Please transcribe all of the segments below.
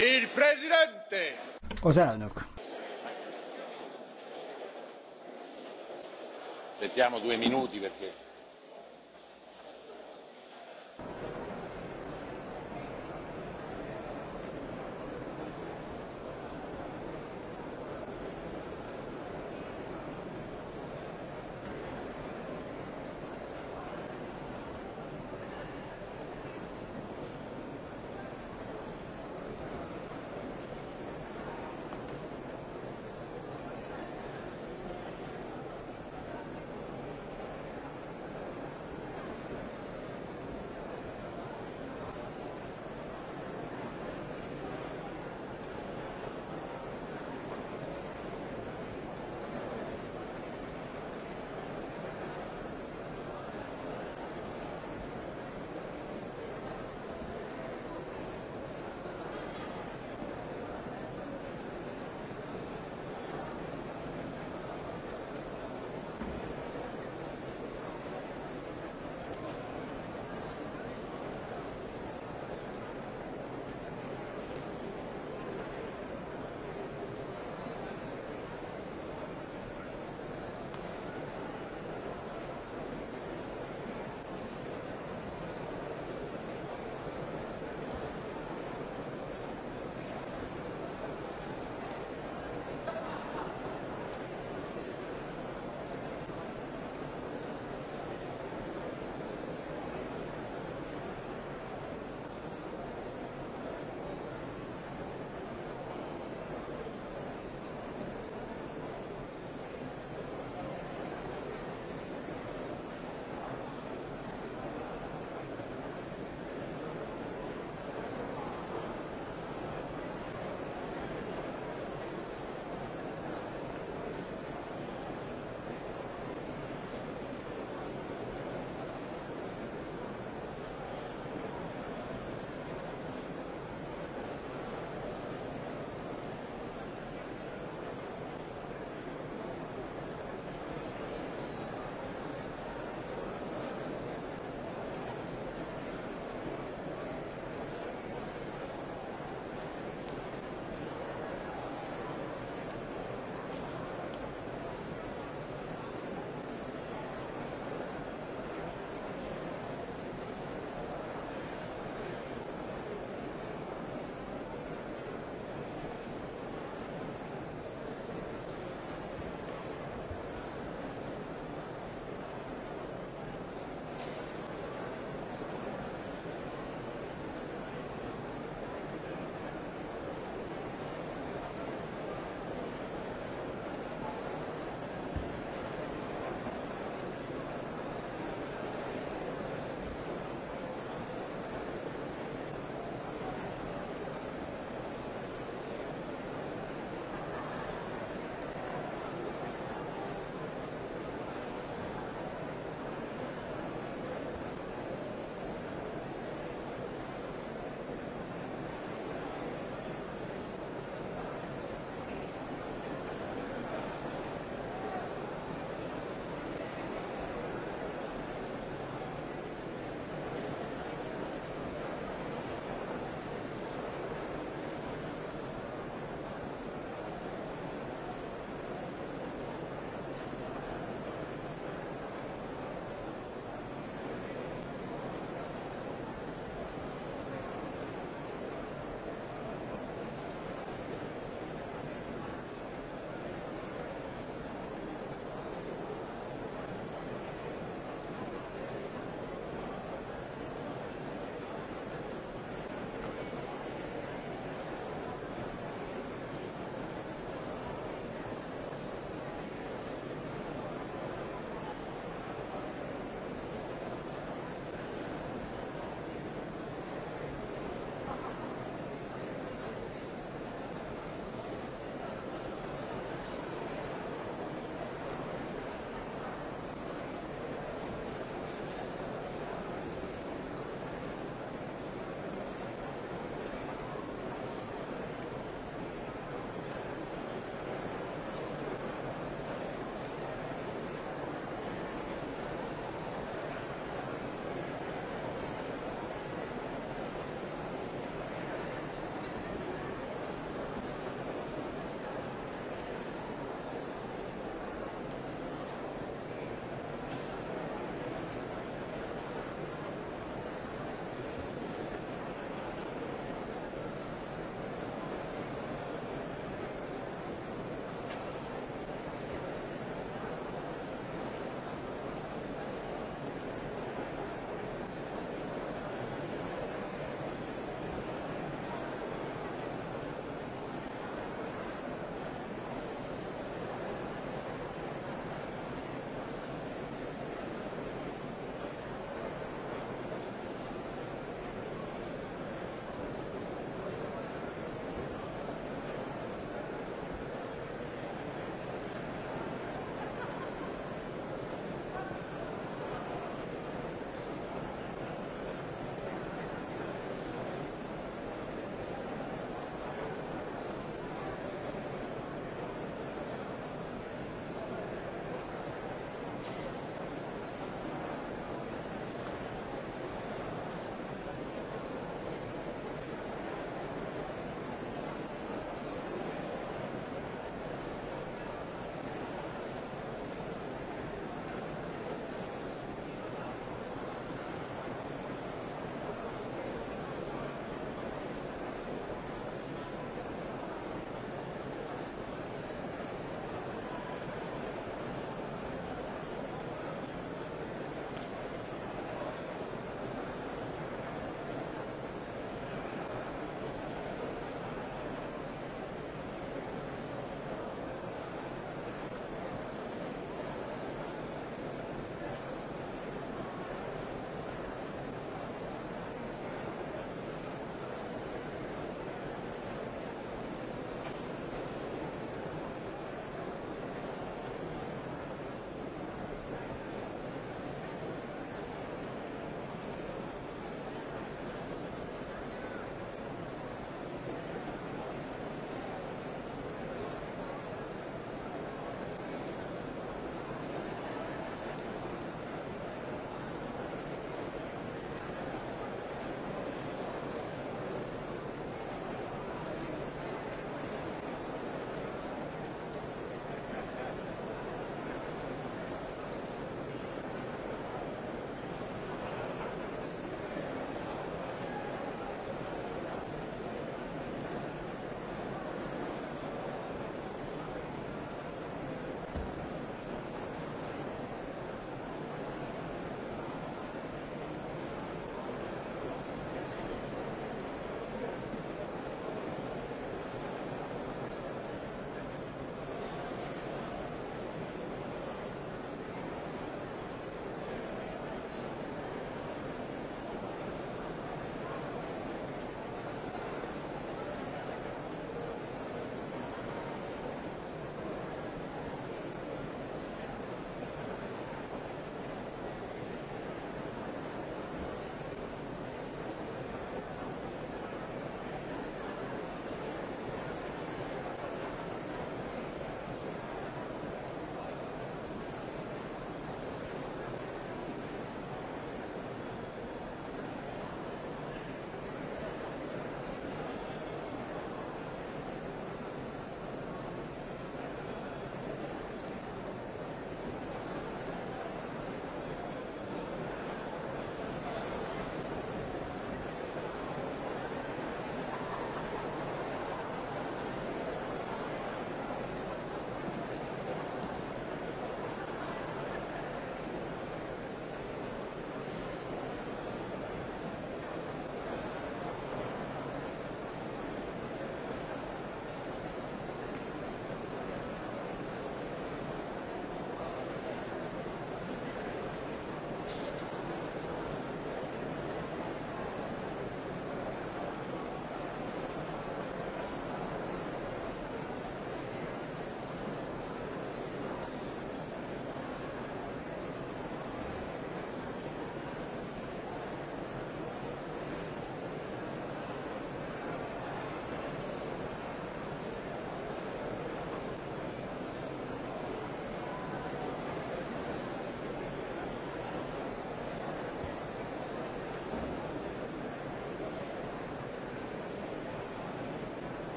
Il presidente. Az elnök. Aspettiamo due minuti perché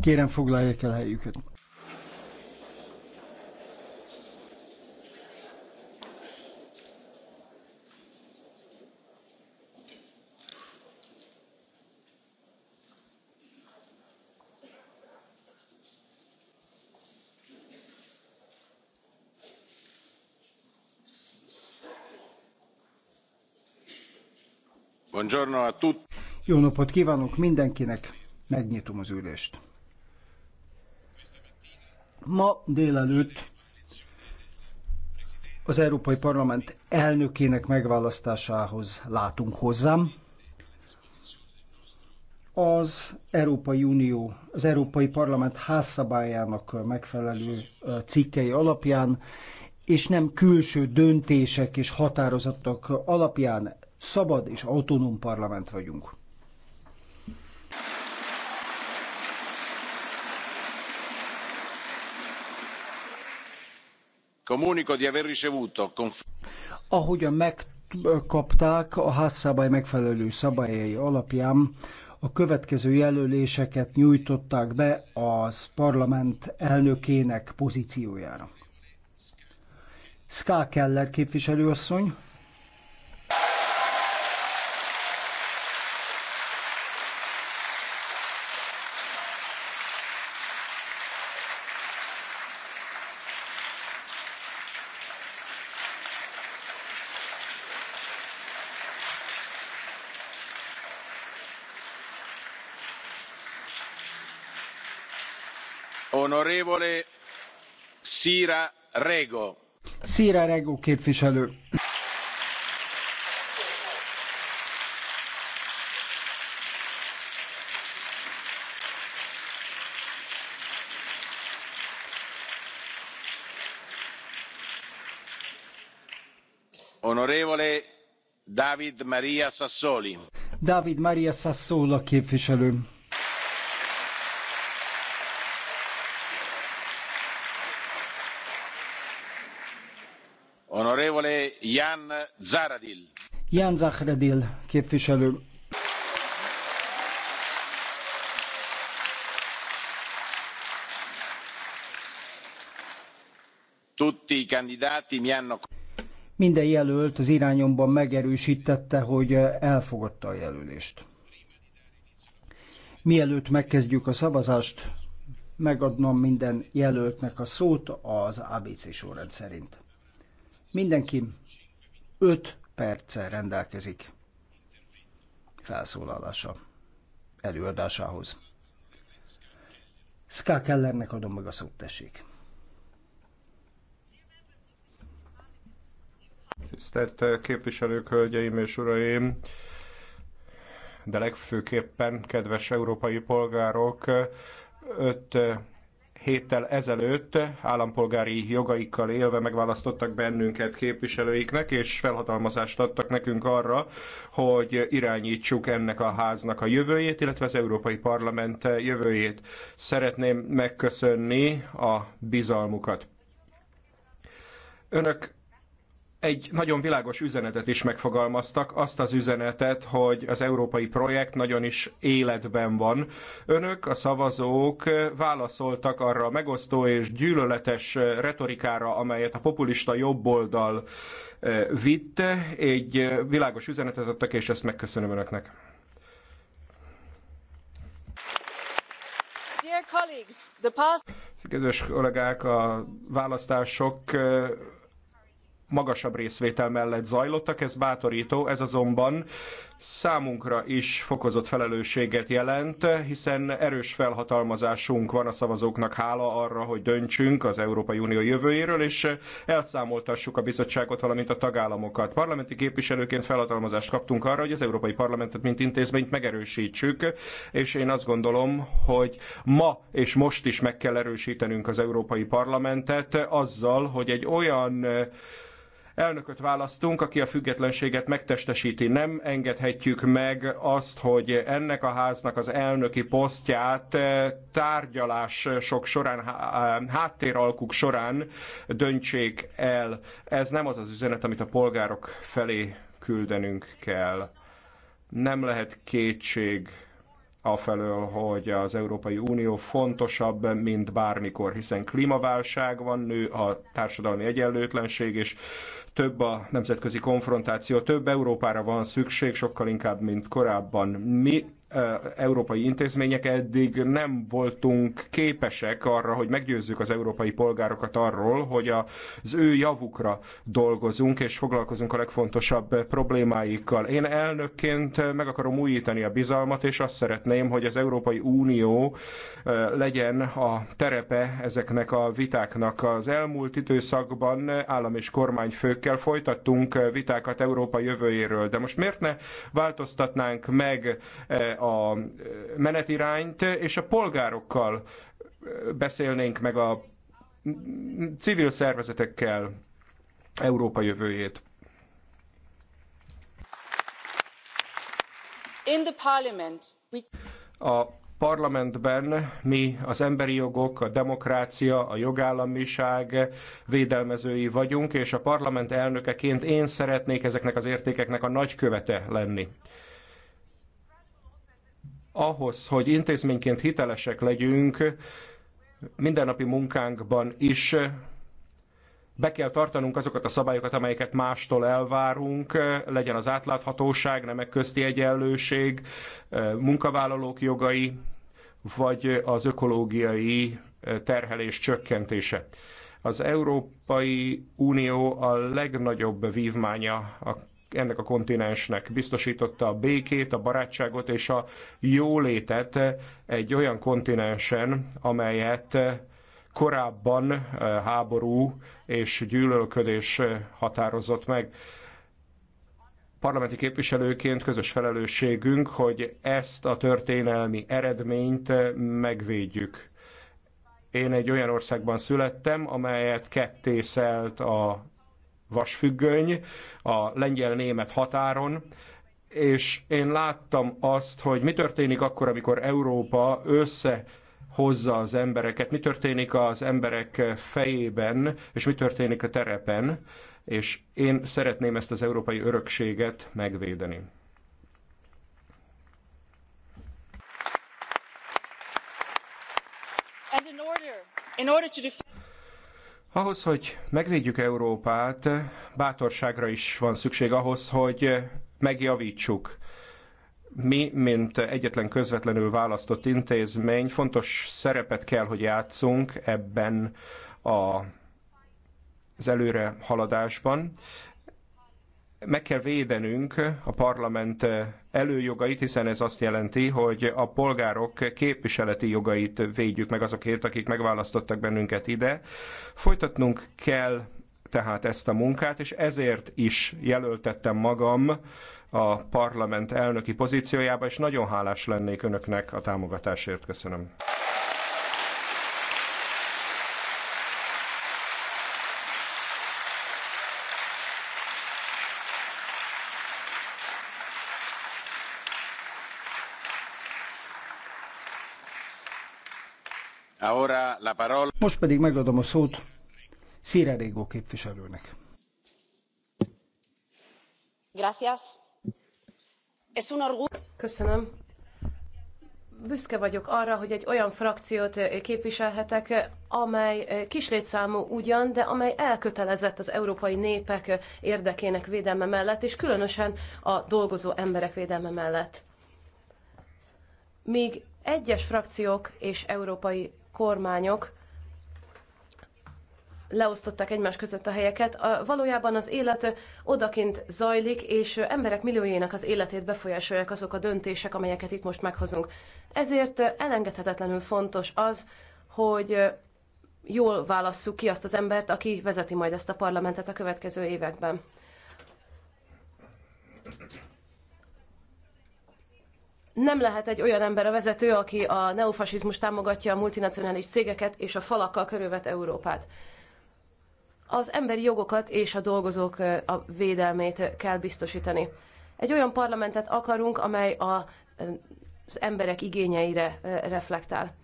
Kérem, foglalják el helyüket. Buongiorno a tutti. Jó napot kívánok mindenkinek, megnyitom az ülést. Ma délelőtt az Európai Parlament elnökének megválasztásához látunk hozzám. Az Európai Unió, az Európai Parlament házszabályának megfelelő cikkei alapján és nem külső döntések és határozatok alapján szabad és autonóm parlament vagyunk. ahogyan megkapták a házszabály megfelelő szabályai alapján a következő jelöléseket nyújtották be az parlament elnökének pozíciójára. Ská Keller képviselőasszony, Onorevole Sira Rego. Sira Rego képviselő. Onorevole David Maria Sassoli. David Maria Sassola képviselő. Jan Zahradil. Jan Zahradil képviselő. Tutti i candidati mi hanno... Minden jelölt az irányomban megerősítette, hogy elfogadta a jelölést. Mielőtt megkezdjük a szavazást, megadnom minden jelöltnek a szót az ABC sorrend szerint. Mindenki 5 perccel rendelkezik felszólalása előadásához. Ska Kellernek adom meg a szót, tessék. Tisztelt eh, képviselők, hölgyeim és uraim, de legfőképpen kedves európai polgárok, eh, öt eh, héttel ezelőtt állampolgári jogaikkal élve megválasztottak bennünket képviselőiknek, és felhatalmazást adtak nekünk arra, hogy irányítsuk ennek a háznak a jövőjét, illetve az Európai Parlament jövőjét. Szeretném megköszönni a bizalmukat. Önök egy nagyon világos üzenetet is megfogalmaztak, azt az üzenetet, hogy az európai projekt nagyon is életben van. Önök, a szavazók válaszoltak arra a megosztó és gyűlöletes retorikára, amelyet a populista jobboldal eh, vitt. Egy világos üzenetet adtak, és ezt megköszönöm önöknek. Dear colleagues, the past... Kedves kollégák, a választások eh, magasabb részvétel mellett zajlottak, ez bátorító, ez azonban számunkra is fokozott felelősséget jelent, hiszen erős felhatalmazásunk van a szavazóknak hála arra, hogy döntsünk az Európai Unió jövőjéről, és elszámoltassuk a bizottságot, valamint a tagállamokat. Parlamenti képviselőként felhatalmazást kaptunk arra, hogy az Európai Parlamentet, mint intézményt megerősítsük, és én azt gondolom, hogy ma és most is meg kell erősítenünk az Európai Parlamentet azzal, hogy egy olyan elnököt választunk, aki a függetlenséget megtestesíti. Nem engedhetjük meg azt, hogy ennek a háznak az elnöki posztját eh, sok során, eh, háttéralkuk során döntsék el. Ez nem az az üzenet, amit a polgárok felé küldenünk kell. Nem lehet kétség afelől, hogy az Európai Unió fontosabb, mint bármikor, hiszen klímaválság van, nő a társadalmi egyenlőtlenség, és több a nemzetközi konfrontáció, több Európára van szükség, sokkal inkább, mint korábban. Mi európai intézmények eddig nem voltunk képesek arra, hogy meggyőzzük az európai polgárokat arról, hogy az ő javukra dolgozunk és foglalkozunk a legfontosabb problémáikkal. Én elnökként meg akarom újítani a bizalmat, és azt szeretném, hogy az Európai Unió legyen a terepe ezeknek a vitáknak. Az elmúlt időszakban állam és kormányfőkkel folytattunk vitákat Európa jövőjéről, de most miért ne változtatnánk meg a menetirányt, és a polgárokkal beszélnénk meg a civil szervezetekkel Európa jövőjét. In the parliament, we... A parlamentben mi az emberi jogok, a demokrácia, a jogállamiság védelmezői vagyunk, és a parlament elnökeként én szeretnék ezeknek az értékeknek a nagykövete lenni ahhoz, hogy intézményként hitelesek legyünk, mindennapi munkánkban is be kell tartanunk azokat a szabályokat, amelyeket mástól elvárunk, legyen az átláthatóság, nemek közti egyenlőség, munkavállalók jogai, vagy az ökológiai terhelés csökkentése. Az Európai Unió a legnagyobb vívmánya a ennek a kontinensnek biztosította a békét, a barátságot és a jólétet egy olyan kontinensen, amelyet korábban eh, háború és gyűlölködés eh, határozott meg. Parlamenti képviselőként közös felelősségünk, hogy ezt a történelmi eredményt eh, megvédjük. Én egy olyan országban születtem, amelyet kettészelt a vasfüggöny a lengyel-német határon, és én láttam azt, hogy mi történik akkor, amikor Európa össze hozza az embereket, mi történik az emberek fejében, és mi történik a terepen, és én szeretném ezt az európai örökséget megvédeni. In order, in order to ahhoz, hogy megvédjük Európát, bátorságra is van szükség ahhoz, hogy megjavítsuk. Mi, mint egyetlen közvetlenül választott intézmény, fontos szerepet kell, hogy játszunk ebben a, az előre haladásban meg kell védenünk a parlament előjogait, hiszen ez azt jelenti, hogy a polgárok képviseleti jogait védjük meg azokért, akik megválasztottak bennünket ide. Folytatnunk kell tehát ezt a munkát, és ezért is jelöltettem magam a parlament elnöki pozíciójába, és nagyon hálás lennék önöknek a támogatásért. Köszönöm. Most pedig megadom a szót Szíre Régó képviselőnek. Köszönöm. Büszke vagyok arra, hogy egy olyan frakciót eh, képviselhetek, eh, amely eh, kislétszámú ugyan, de amely elkötelezett az európai népek érdekének védelme mellett, és különösen a dolgozó emberek védelme mellett. Míg egyes frakciók és európai kormányok leosztották egymás között a helyeket. A, valójában az élet odakint zajlik, és emberek milliójének az életét befolyásolják azok a döntések, amelyeket itt most meghozunk. Ezért elengedhetetlenül fontos az, hogy jól válasszuk ki azt az embert, aki vezeti majd ezt a parlamentet a következő években. nem lehet egy olyan ember a vezető, aki a neofasizmus támogatja a multinacionális cégeket és a falakkal körülvet Európát az emberi jogokat és a dolgozók a védelmét kell biztosítani. Egy olyan parlamentet akarunk, amely a, az emberek igényeire reflektál.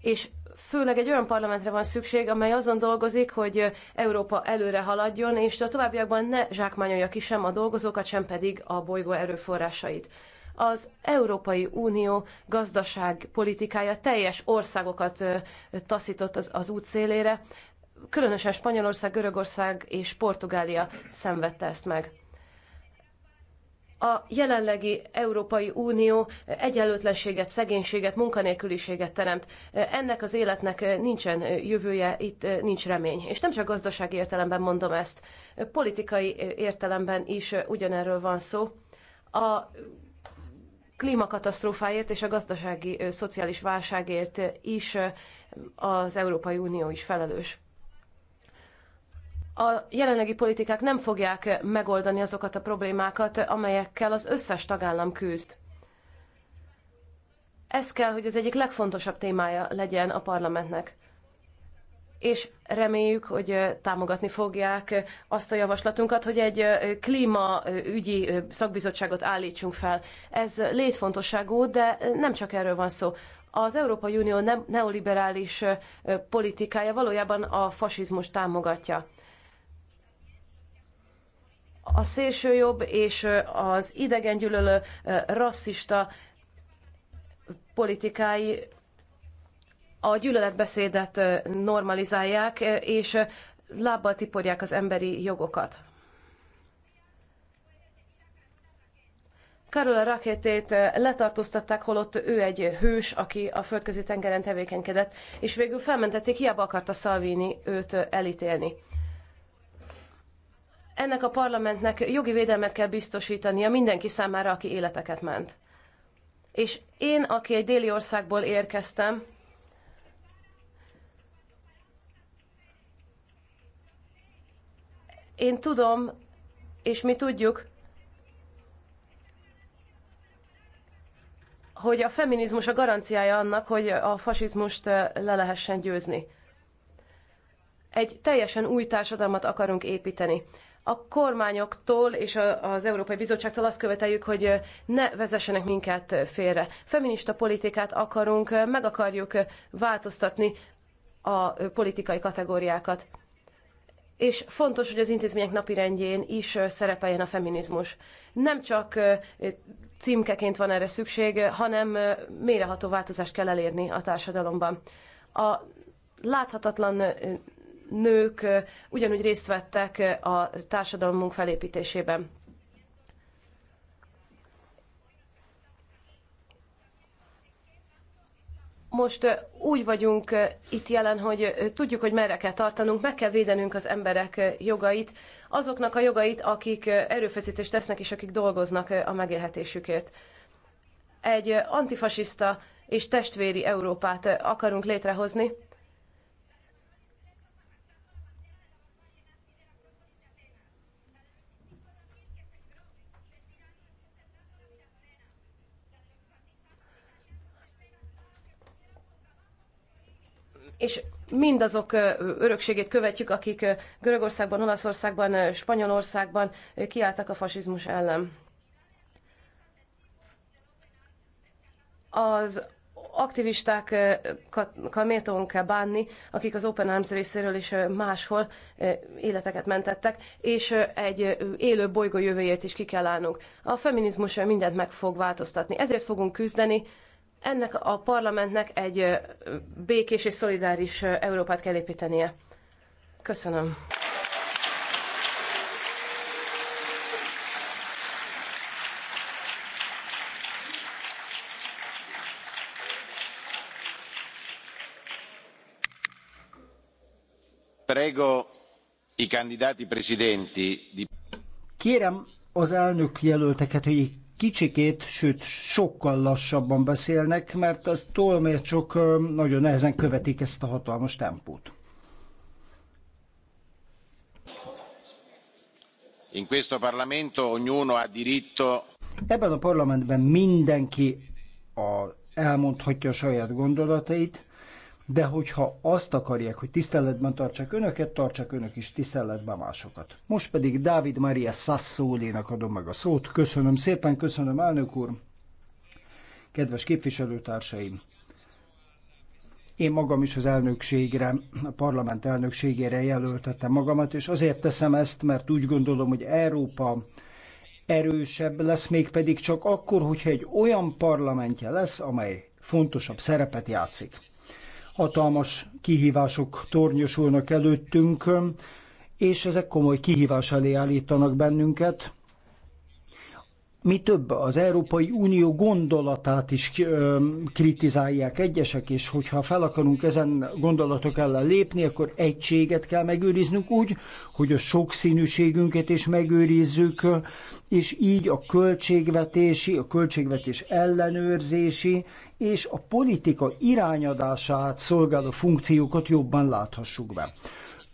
És főleg egy olyan parlamentre van szükség, amely azon dolgozik, hogy Európa előre haladjon, és a továbbiakban ne zsákmányolja ki sem a dolgozókat, sem pedig a bolygó erőforrásait. Az Európai Unió gazdaságpolitikája teljes országokat taszított az, az út szélére, különösen Spanyolország, Görögország és Portugália szenvedte ezt meg. A jelenlegi Európai Unió egyenlőtlenséget, szegénységet, munkanélküliséget teremt. Ennek az életnek nincsen jövője, itt nincs remény. És nem csak gazdasági értelemben mondom ezt, politikai értelemben is ugyanerről van szó. A klímakatasztrófáért és a gazdasági szociális válságért is az Európai Unió is felelős a jelenlegi politikák nem fogják megoldani azokat a problémákat, amelyekkel az összes tagállam küzd. Ez kell, hogy az egyik legfontosabb témája legyen a parlamentnek. És reméljük, hogy támogatni fogják azt a javaslatunkat, hogy egy klímaügyi szakbizottságot állítsunk fel. Ez létfontosságú, de nem csak erről van szó az Európai Unió neoliberális politikája valójában a fasizmus támogatja a szélsőjobb és az idegengyűlölő, rasszista politikái a gyűlöletbeszédet normalizálják, és lábbal tiporják az emberi jogokat. Karola Rakétét letartóztatták, holott ő egy hős, aki a földközi tengeren tevékenykedett, és végül felmentették, hiába akarta Salvini őt elítélni ennek a parlamentnek jogi védelmet kell biztosítania mindenki számára, aki életeket ment. És én, aki egy déli országból érkeztem, én tudom, és mi tudjuk, hogy a feminizmus a garanciája annak, hogy a fasizmust le lehessen győzni. Egy teljesen új társadalmat akarunk építeni a kormányoktól és az Európai Bizottságtól azt követeljük, hogy ne vezessenek minket félre. Feminista politikát akarunk, meg akarjuk változtatni a politikai kategóriákat. És fontos, hogy az intézmények napirendjén is szerepeljen a feminizmus. Nem csak címkeként van erre szükség, hanem mélyreható változást kell elérni a társadalomban. A láthatatlan nők ugyanúgy részt vettek a társadalmunk felépítésében. most úgy vagyunk itt jelen, hogy tudjuk, hogy merre kell tartanunk, meg kell védenünk az emberek jogait, azoknak a jogait, akik erőfeszítést tesznek és akik dolgoznak a megélhetésükért. Egy antifasiszta és testvéri Európát akarunk létrehozni, és mindazok örökségét követjük, akik Görögországban, Olaszországban, Spanyolországban kiálltak a fasizmus ellen. Az aktivistákkal méltóan kell bánni, akik az Open Arms részéről is máshol életeket mentettek, és egy élő bolygó jövőjét is ki kell állnunk. A feminizmus mindent meg fog változtatni. Ezért fogunk küzdeni, ennek a parlamentnek egy békés és szolidáris Európát kell építenie. Köszönöm. Prego i candidati presidenti di... Kérem az elnök jelölteket, hogy kicsikét, sőt sokkal lassabban beszélnek, mert az csak nagyon nehezen követik ezt a hatalmas tempót. In questo Parlamento ognuno ha diritto Ebben a parlamentben mindenki a, elmondhatja a saját gondolatait, de hogyha azt akarják, hogy tiszteletben tartsák önöket, tartsák önök is tiszteletben másokat. Most pedig Dávid Maria Sassolinak adom meg a szót. Köszönöm szépen, köszönöm elnök úr. Kedves képviselőtársaim, én magam is az elnökségre, a parlament elnökségére jelöltettem magamat, és azért teszem ezt, mert úgy gondolom, hogy Európa erősebb lesz, mégpedig csak akkor, hogyha egy olyan parlamentje lesz, amely fontosabb szerepet játszik hatalmas kihívások tornyosulnak előttünk, és ezek komoly kihívás elé állítanak bennünket. Mi több, az Európai Unió gondolatát is kritizálják egyesek, és hogyha fel akarunk ezen gondolatok ellen lépni, akkor egységet kell megőriznünk úgy, hogy a sokszínűségünket is megőrizzük, és így a költségvetési, a költségvetés ellenőrzési és a politika irányadását szolgáló funkciókat jobban láthassuk be.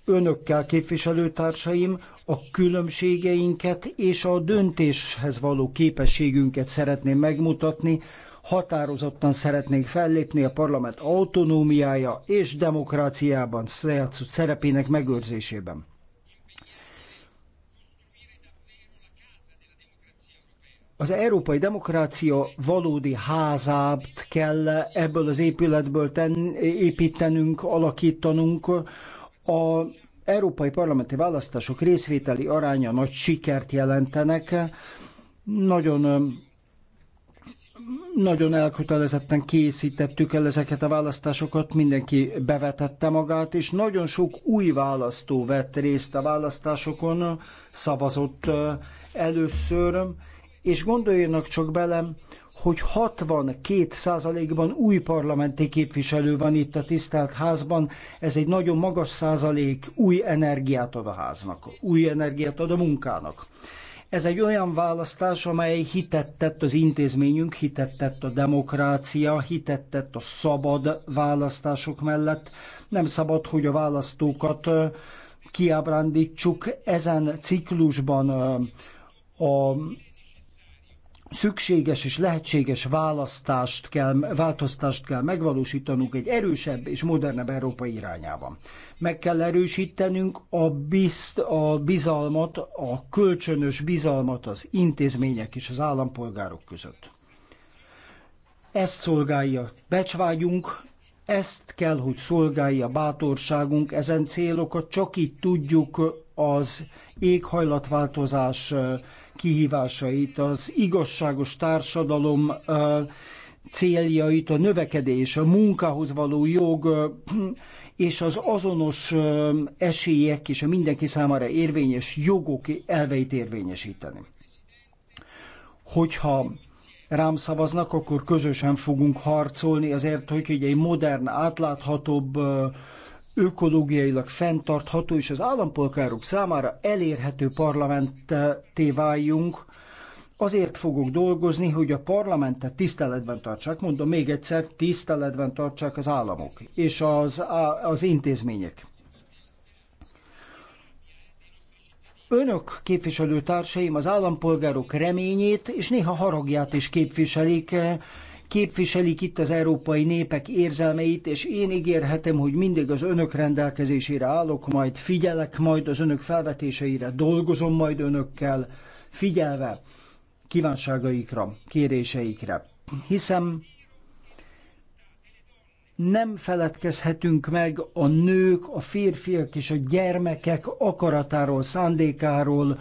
Önökkel, képviselőtársaim, a különbségeinket és a döntéshez való képességünket szeretném megmutatni, határozottan szeretnénk fellépni a parlament autonómiája és demokráciában szerepének megőrzésében. Az európai demokrácia valódi házát kell ebből az épületből ten, építenünk, alakítanunk. A európai parlamenti választások részvételi aránya nagy sikert jelentenek. Nagyon nagyon elkötelezetten készítettük el ezeket a választásokat, mindenki bevetette magát, és nagyon sok új választó vett részt a választásokon, szavazott először, és gondoljanak csak belem, hogy 62%-ban új parlamenti képviselő van itt a tisztelt házban, ez egy nagyon magas százalék, új energiát ad a háznak, új energiát ad a munkának. Ez egy olyan választás, amely hitet tett az intézményünk, hitet tett a demokrácia, hitet tett a szabad választások mellett. Nem szabad, hogy a választókat kiábrándítsuk. Ezen ciklusban a szükséges és lehetséges választást kell, változtást kell megvalósítanunk egy erősebb és modernebb Európa irányában. Meg kell erősítenünk a, bizt, a bizalmat, a kölcsönös bizalmat az intézmények és az állampolgárok között. Ezt szolgálja becsvágyunk, ezt kell, hogy szolgálja bátorságunk, ezen célokat csak így tudjuk az éghajlatváltozás kihívásait, az igazságos társadalom céljait, a növekedés, a munkához való jog és az azonos esélyek és a mindenki számára érvényes jogok elveit érvényesíteni. Hogyha rám szavaznak, akkor közösen fogunk harcolni azért, hogy egy modern, átláthatóbb, ökológiailag fenntartható és az állampolgárok számára elérhető parlamentté váljunk, azért fogok dolgozni, hogy a parlamentet tiszteletben tartsák, mondom még egyszer, tiszteletben tartsák az államok és az, az intézmények. Önök képviselőtársaim az állampolgárok reményét és néha haragját is képviselik, képviselik itt az európai népek érzelmeit, és én ígérhetem, hogy mindig az önök rendelkezésére állok, majd figyelek majd az önök felvetéseire, dolgozom majd önökkel, figyelve kívánságaikra, kéréseikre. Hiszem, nem feledkezhetünk meg a nők, a férfiak és a gyermekek akaratáról, szándékáról,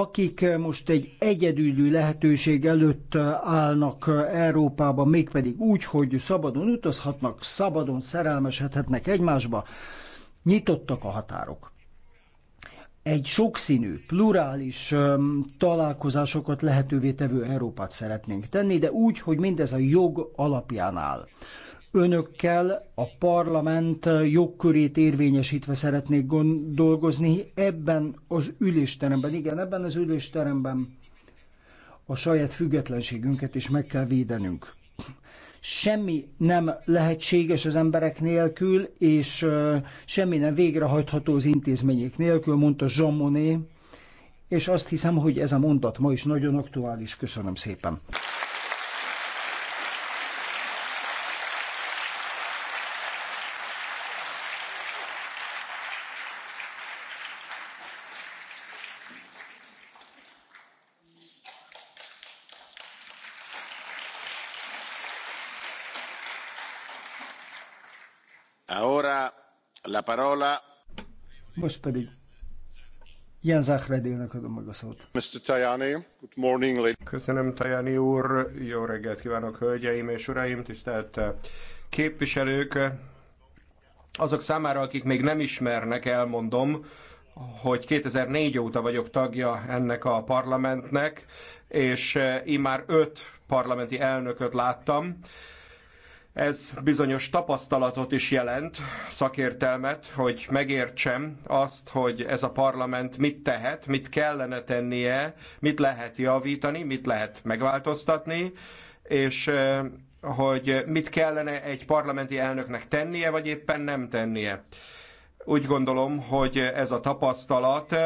akik most egy egyedüli lehetőség előtt állnak Európában, mégpedig úgy, hogy szabadon utazhatnak, szabadon szerelmesedhetnek egymásba, nyitottak a határok. Egy sokszínű, plurális találkozásokat lehetővé tevő Európát szeretnénk tenni, de úgy, hogy mindez a jog alapján áll önökkel a parlament jogkörét érvényesítve szeretnék dolgozni ebben az ülésteremben. Igen, ebben az ülésteremben a saját függetlenségünket is meg kell védenünk. Semmi nem lehetséges az emberek nélkül, és semmi nem végrehajtható az intézmények nélkül, mondta Jean Monnet, és azt hiszem, hogy ez a mondat ma is nagyon aktuális. Köszönöm szépen! Most pedig Jan Zahradilnak adom meg a szót. Mr. Tajani, good morning, Köszönöm, Tajani úr. Jó reggelt kívánok, hölgyeim és uraim, tisztelt eh, képviselők. Azok számára, akik még nem ismernek, elmondom, hogy 2004 óta vagyok tagja ennek a parlamentnek, és eh, már öt parlamenti elnököt láttam. Ez bizonyos tapasztalatot is jelent, szakértelmet, hogy megértsem azt, hogy ez a parlament mit tehet, mit kellene tennie, mit lehet javítani, mit lehet megváltoztatni, és hogy mit kellene egy parlamenti elnöknek tennie, vagy éppen nem tennie. Úgy gondolom, hogy ez a tapasztalat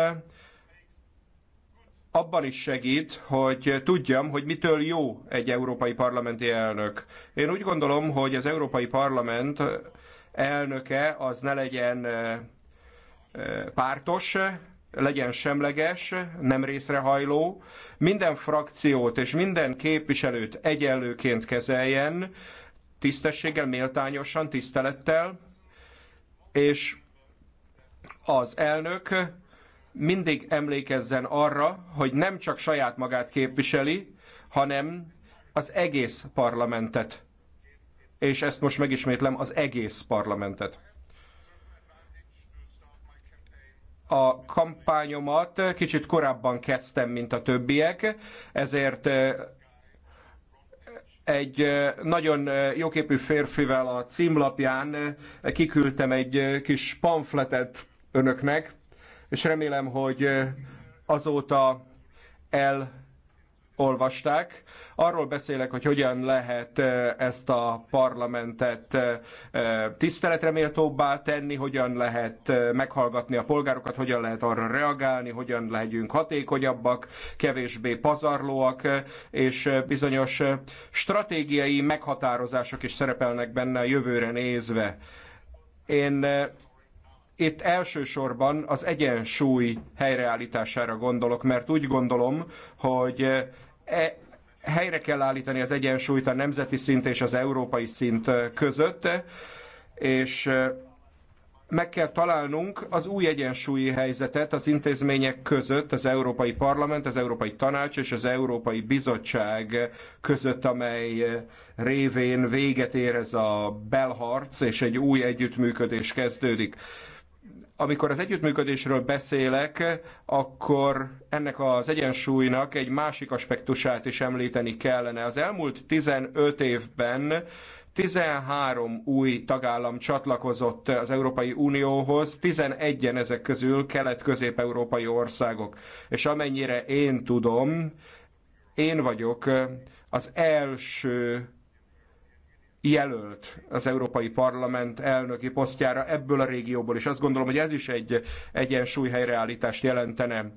abban is segít, hogy tudjam, hogy mitől jó egy európai parlamenti elnök. Én úgy gondolom, hogy az európai parlament elnöke az ne legyen pártos, legyen semleges, nem részrehajló, minden frakciót és minden képviselőt egyenlőként kezeljen, tisztességgel, méltányosan, tisztelettel, és az elnök mindig emlékezzen arra, hogy nem csak saját magát képviseli, hanem az egész parlamentet. És ezt most megismétlem, az egész parlamentet. a kampányomat kicsit korábban kezdtem, mint a többiek, ezért egy nagyon jóképű férfivel a címlapján kiküldtem egy kis pamfletet önöknek, és remélem, hogy eh, azóta elolvasták. Arról beszélek, hogy hogyan lehet eh, ezt a parlamentet eh, tiszteletre méltóbbá tenni, hogyan lehet meghallgatni a polgárokat, hogyan lehet arra reagálni, hogyan legyünk hatékonyabbak, kevésbé pazarlóak, és bizonyos stratégiai meghatározások is szerepelnek benne a jövőre nézve. Én itt elsősorban az egyensúly helyreállítására gondolok, mert úgy gondolom, hogy e helyre kell állítani az egyensúlyt a nemzeti szint és az európai szint között, és meg kell találnunk az új egyensúlyi helyzetet az intézmények között, az Európai Parlament, az Európai Tanács és az Európai Bizottság között, amely révén véget ér ez a belharc, és egy új együttműködés kezdődik amikor az együttműködésről beszélek, akkor ennek az egyensúlynak egy másik aspektusát is említeni kellene. Az elmúlt 15 évben 13 új tagállam csatlakozott az Európai Unióhoz, 11-en ezek közül kelet-közép-európai országok. És amennyire én tudom, én vagyok az első jelölt az Európai Parlament elnöki posztjára ebből a régióból, és azt gondolom, hogy ez is egy egyensúly helyreállítást jelentene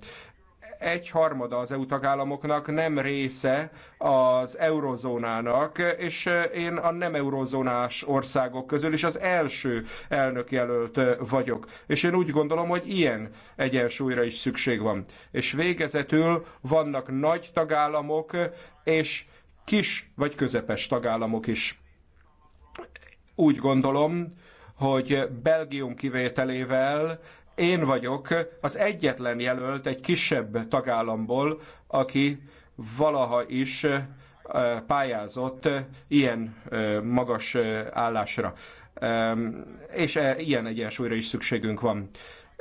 egy harmada az EU tagállamoknak nem része az eurozónának, és én a nem eurozónás országok közül is az első elnökjelölt vagyok. És én úgy gondolom, hogy ilyen egyensúlyra is szükség van. És végezetül vannak nagy tagállamok, és kis vagy közepes tagállamok is. Úgy gondolom, hogy Belgium kivételével én vagyok az egyetlen jelölt egy kisebb tagállamból, aki valaha is pályázott ilyen magas állásra. És ilyen egyensúlyra is szükségünk van.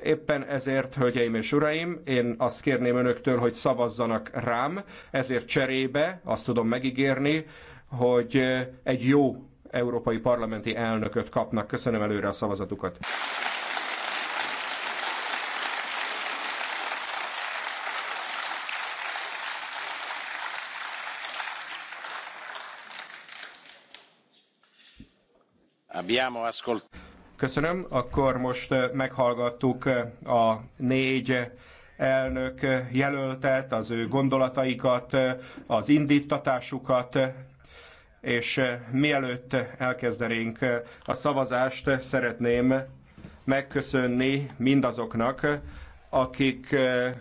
Éppen ezért, hölgyeim és uraim, én azt kérném önöktől, hogy szavazzanak rám, ezért cserébe azt tudom megígérni, hogy egy jó európai parlamenti elnököt kapnak. Köszönöm előre a szavazatukat. Köszönöm. Akkor most eh, meghallgattuk eh, a négy eh, elnök jelöltet, az ő gondolataikat, az indítatásukat és eh, mielőtt elkezdenénk eh, a szavazást, szeretném megköszönni mindazoknak, akik eh,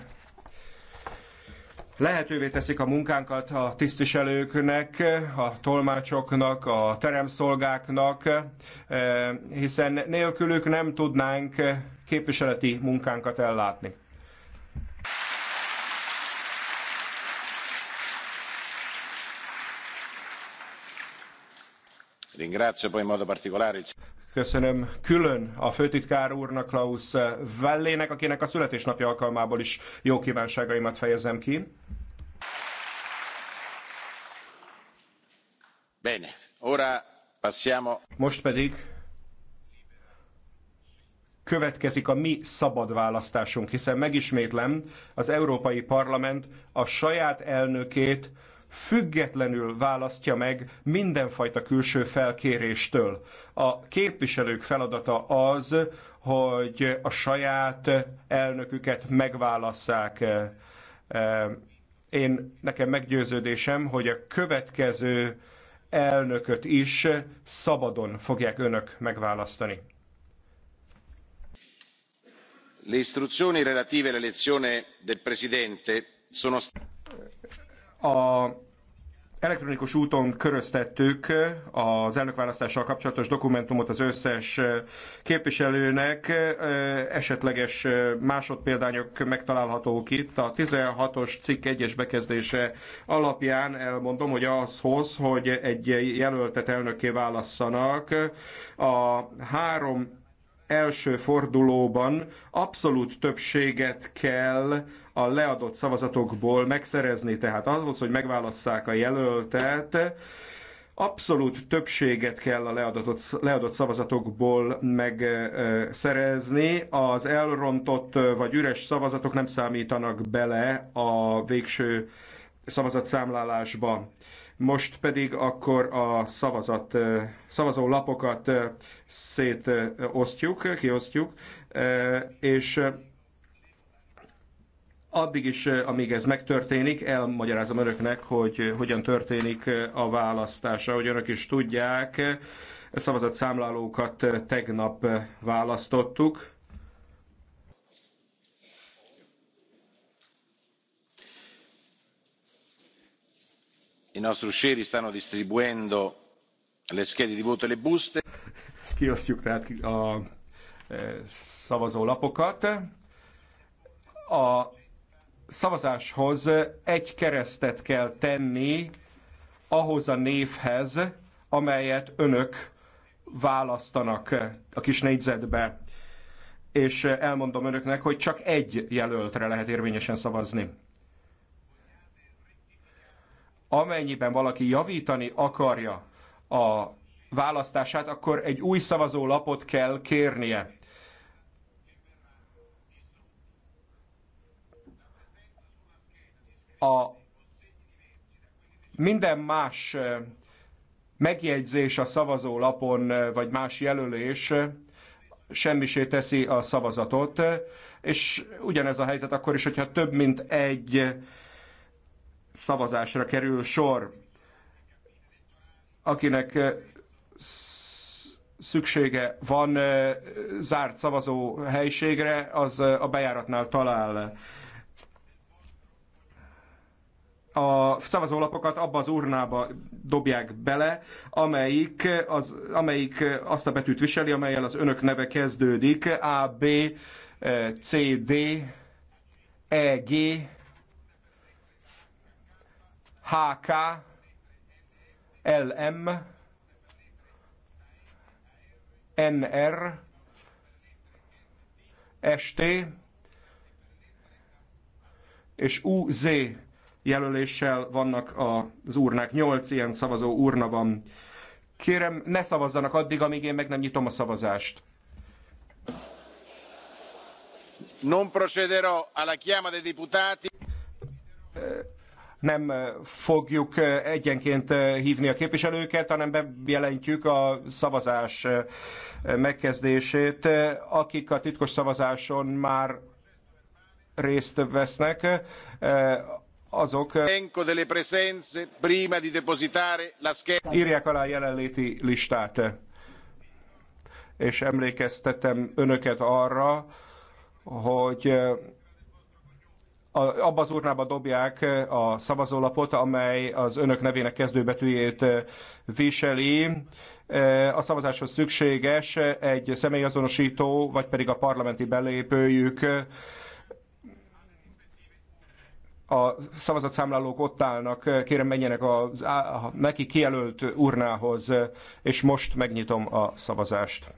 lehetővé teszik a munkánkat a tisztviselőknek, a tolmácsoknak, a teremszolgáknak, hiszen nélkülük nem tudnánk képviseleti munkánkat ellátni. Köszönöm külön a főtitkár úrnak, Klaus Vellének, akinek a születésnapja alkalmából is jó kívánságaimat fejezem ki. Bene, ora passiamo. Most pedig következik a mi szabad választásunk, hiszen megismétlem, az Európai Parlament a saját elnökét függetlenül választja meg mindenfajta külső felkéréstől. A képviselők feladata az, hogy a saját elnöküket megválasszák. E, én nekem meggyőződésem, hogy a következő elnököt is szabadon fogják önök megválasztani. Le istruzioni relative all'elezione del presidente sono a elektronikus úton köröztettük az elnökválasztással kapcsolatos dokumentumot az összes képviselőnek. Esetleges másodpéldányok megtalálhatók itt. A 16-os cikk egyes bekezdése alapján elmondom, hogy azhoz, hogy egy jelöltet elnökké válasszanak, a három első fordulóban abszolút többséget kell a leadott szavazatokból megszerezni, tehát ahhoz, hogy megválasszák a jelöltet, abszolút többséget kell a leadott, leadott szavazatokból megszerezni. Az elrontott vagy üres szavazatok nem számítanak bele a végső szavazatszámlálásba. Most pedig akkor a szavazat, szavazó lapokat szétosztjuk, kiosztjuk, és Addig is, eh, amíg ez megtörténik, elmagyarázom önöknek, hogy eh, hogyan történik eh, a választása. Hogy önök is tudják, szavazatszámlálókat tegnap választottuk. I nostri uscieri stanno distribuendo le schede di voto e le buste. Kiosztjuk tehát a szavazólapokat. A szavazáshoz egy keresztet kell tenni ahhoz a névhez, amelyet önök választanak a kis négyzetbe. És elmondom önöknek, hogy csak egy jelöltre lehet érvényesen szavazni. Amennyiben valaki javítani akarja a választását, akkor egy új szavazólapot kell kérnie. a minden más megjegyzés a szavazólapon, vagy más jelölés semmisé teszi a szavazatot, és ugyanez a helyzet akkor is, hogyha több mint egy szavazásra kerül sor, akinek szüksége van zárt szavazó helységre, az a bejáratnál talál a szavazólapokat abba az urnába dobják bele, amelyik, az, amelyik azt a betűt viseli, amelyel az önök neve kezdődik, A, B, eh, C, D, E, G, H, K, L, M, N, R, S, T, és U, Z jelöléssel, vannak az urnák, nyolc ilyen szavazó urna van. Kérem, ne szavazzanak addig, amíg én meg nem nyitom a szavazást. Non procederò alla chiama dei deputati. Nem eh, fogjuk eh, egyenként eh, hívni a képviselőket, hanem bejelentjük a szavazás megkezdését. Akik a titkos szavazáson már részt vesznek, azok eh, írják alá a jelenléti listát. És emlékeztetem önöket arra, hogy eh, abba az urnába dobják eh, a szavazólapot, amely az önök nevének kezdőbetűjét viseli. A szavazáshoz szükséges egy személyazonosító, vagy pedig a parlamenti belépőjük a szavazatszámlálók ott állnak, eh, kérem menjenek a, a neki kijelölt urnához, eh, és most megnyitom a szavazást.